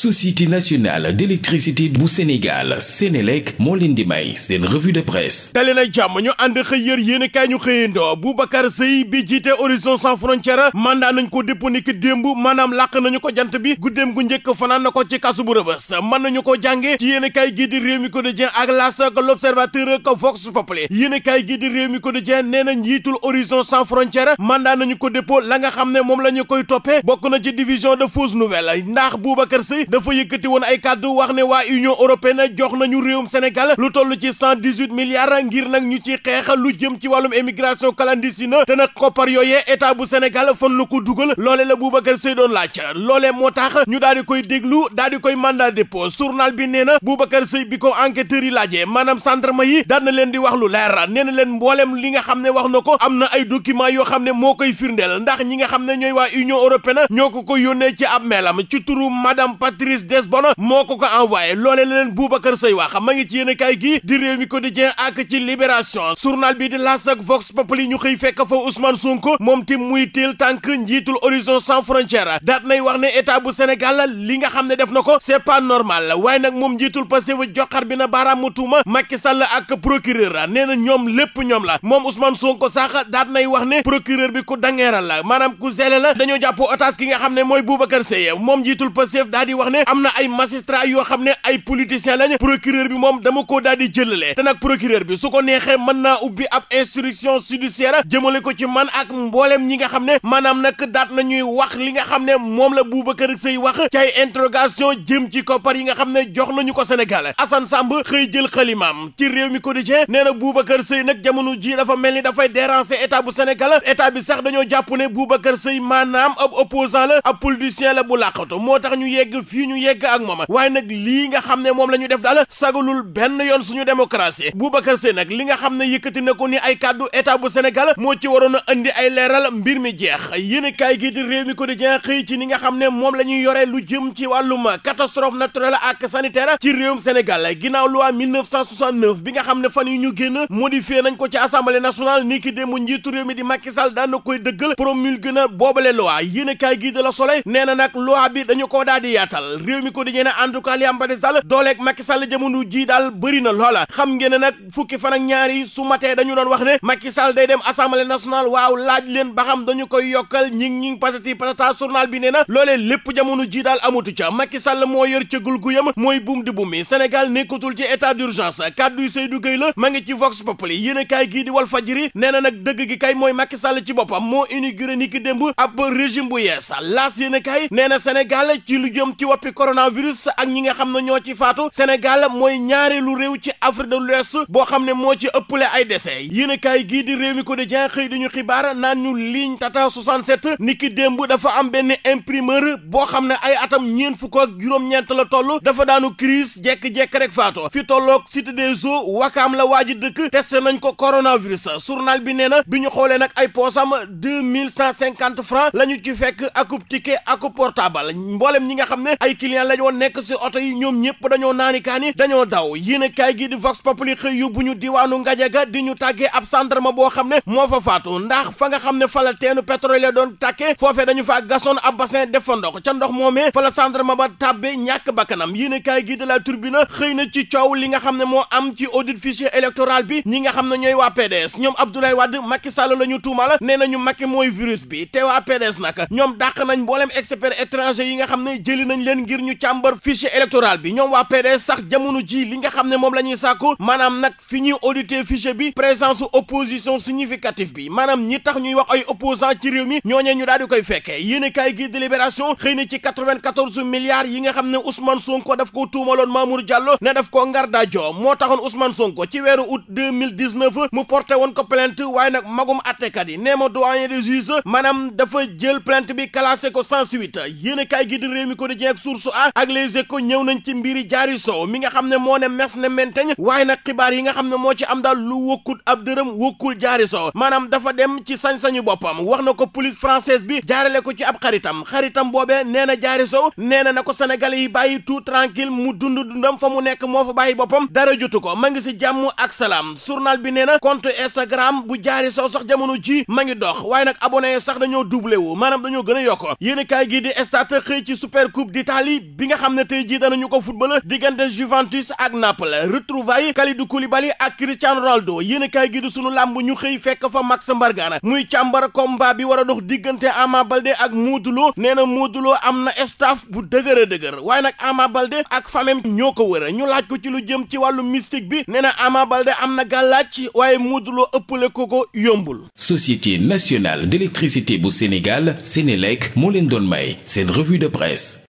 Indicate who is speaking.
Speaker 1: société nationale d'électricité bu Sénégal Sénélec moo leen di may seen revue de presse dali na jàmm ñu ànd xëy yër yéen kaay ñu xëyandoo Boubacar Sèye bi jiite Horizon sans man mandat nañ ko dépp niki démb maanaam làq nañu ko jant bi guddeem gu njëkk fanaan na ko ci kasu rëbës mën nañu ko jànge ci yéen kaay gii di Rewmi Quotidien ak L'As ak L'Observateur ka Vox Populi yéen kaay gii di Rewmi Quotidien nee na njiitul Horizon sans frontières ko dépp la nga xam ne moom la ñu koy toppee bokk na ci division de fausses nouvelles ndax Boubacar Sèye dafa yëkkati woon ay kàddu wax ne waa Union européenne jox nañu réewum Sénégal lu toll ci cent dix-huit milliards ngir nag ñu ci xeex lu jëm ci wàllum émigration clandestine te nag koppar yooyee état bu Sénégal fan lu ko dugal loole la Boubacar Seye doon laaj loole moo tax ñu daal di koy déglu daal di koy mandat dépôt journal bi nee na Boubacar Seye bi ko enquêteurs yi laajee maanaam gendarme yi daan na leen di wax lu leer nee na leen mbooleem li nga xam ne wax na ko am na ay documents yoo xam ne moo koy firndeel ndax ñi nga xam ne ñooy waa Union européenne ñoo ko ko yónnee ci ab meelam ci turu madame directrice des Bono moo ko ko envoyé loolee la leen Boubacar Seye wax ma ngi ci yéen a kaay gii di réew mi quotidien ak ci libération journal bi di L'As ak Vox Populi ñu xëy fekk fa Ousmane Sonko moom tim muy teel tànk njiitul Horizon sans frontière daat nay wax ne état bu Sénégal li nga xam ne def na ko c'est pas normal waaye nag moom njiitul Pastef joxar bi na baaraamu tuuma Macky Sall ak procureur nee na ñoom lépp ñoom la moom Ousmane Sonko sax daat nay wax ne bi ku dangeeral la maanaam ku zele la dañoo jàpp otage xam ne mooy Boubacar Seye wax am na ay magistrat yoo xam ne ay politiciens lañ procureur bi moom dama ko daal di jëlale te nag procureur bi su ko neexee mën naa ubbi ab instruction judiciaire jëmale ko ci man ak mbooleem ñi nga xam ne maanaam nag daat nañuy wax li nga xam ne moom la Boubacar Seye wax ci ay interrogation jëm ci koppar yi nga xam ne jox nañu ko Sénégal Assane Samb xëy jël xalimaam ci réew mi quotidien nee na Boubacar Seye nag jamono ji dafa mel ni dafay déranger état bu Sénégal état bi sax dañoo jàpp ne Boubacar Seye maanaam ab opposant la ab politicien la bu làqatu moo tax ñu yegg fii fii ñu yegg ak moom waaye nag lii nga xam ne moom la ñu def daal sagalul benn yoon suñu démocratie Boubacar Sèye nag li nga xam ne yëkkati na ko ni ay kàddu état bu Sénégal moo ci waroon a andi ay leeral mbir mi jeex yéen kaay gi di réew mi quotidien xëy ci ni nga xam ne moom la ñuy yoree lu jëm ci wàllum catastrophe naturelle ak sanitaire ci réewum Sénégal ginnaaw loi 1969 bi nga xam ne fan yu ñu génn moo di modifié nañ ko ci assemblée nationale ni ki démb njiitu réew mi di Macky Sall daan na koy dëggal promulgué na boobale loi yéen kaay gi de la Soleil nee na nag loi bi dañu ko daal di yaatal réew mi ko di ñeene en tout cas li am ba des daal loola xam ngeen nag fukki fan ak ñaar su matee dañu doon wax ne Macky Sall day dem assemblée nationale waaw laaj leen ba xam dañu koy yokkal ñing ñing patati patata journal bi nee na loolee lépp jamono ji daal ca Macky moo yor cëggul guyam mooy buum di buum mi Sénégal nekkatul ci état d'urgence kàddu Seydou Gueye la ma ngi ci Vox Populi yéen kaay gii di Walfadjri nee na nag dëgg gi kay mooy Macky Sall ci boppam moo inauguré ni ki démb ab nee na noppi coronavirus ak ñi nga xam ne ñoo ci faatu Sénégal mooy ñaareelu réew ci Afrique de l'Ouest boo xam ne moo ci ëppale ay décès yéen a gii di réew mi ko di jen xëy di ñu xibaar naan ñu ligne Tata 67 niki démb dafa am benn imprimeur boo xam ne ay atam ñeent fukk ak juróom-ñeent la toll dafa daanu crise jekk-jekk rek faato fi tolloog Cité des Eaux wakaam la waa ji dëkk testé nañ ko coronavirus journal bi nee na bi ñu xoolee nag ay poosam deux mille cent cinquante francs la ñu ci fekk akub ticket akub portable mboolem ñi nga xam ne ay client lañ woon nekk si oto yi ñoom ñëpp dañoo naani kaani dañoo daw yéen a kaay gi di vox populi xëy yóbbu ñu diwaanu Ngajaga di ñu tàggee ab gendarme boo xam ne moo fa faatu ndax fa nga xam ne fa la teenu pétrole la doon tàkkee foofee dañu faa gasoon ab bassin def fa ndox ca ndox moomee fa la gendarme ba tàbbe ñàkk bakkanam yéen a kaay gi de la xëy na ci coow li nga xam ne moo am ci audit fichier électoral bi ñi nga xam ne ñooy waa PDS leen ngir ñu càmbar fichier électoral bi ñoom waa PDS sax jamono ji li nga xam ne moom la ñuy sàkku nag fi ñuy auditer fichier bi présence opposition significative bi maanaam ñi tax ñuy wax ay opposant ci réew mi ñooñee ñu daal koy fekkee yéen kaay gi délibération xëy ci milliards yi nga xam ne Ousmane Sonko daf ko tuumaloon Mamour Diallo ne daf ko ngar daajo moo taxoon Ousmane Sonko ci weeru août mu porté woon ko plainte waaye nag magum attekat yi nee source a ak les échos ñëw nañ ci mbiri jaari sow mi nga xam ne moo ne mes ne menteñ waaye nag xibaar yi nga xam ne moo ci am daal lu wëkkut ab dërëm wëkkul jaari sow maanaam dafa dem ci sañ-sañu boppam wax na ko polis française bi jaarale ko ci ab xaritam xaritam boobee nee na jaari sow nee na na ko senegal yi bàyyi tout tranquille mu dund dundam fa mu nekk moo fa bàyyi boppam dara jotu ko ma ngi si jàmm ak salaam journal bi nee na compte Instagram bu jaari sow sax jamono ji ma ngi dox waaye nag abonné sax dañoo doublé wu maanaam dañoo gën a yokk yéen kaay ci super coupe Italie bi nga xam ne tey jii danañu ko football diggante Juventus ak Naples retrouvaille Kalidou Koulibaly ak Cristiano Ronaldo yéen a kaay gi du sunu làmb ñu xëy fekk fa Max Mbargane muy càmbar combat bi war a dox diggante Ama Baldé ak Modou nee na Modou am na staff bu dëgër dëgër waaye nag Ama Baldé ak famem ñoo ko wër ñu laaj ko ci lu jëm ci wàllu mystique bi nee na Ama am na gàllaaj waaye Modou Lo ëppale ko ko yombul. Société nationale d'électricité bu Sénégal Sénélec moo leen doon may seen revue de presse.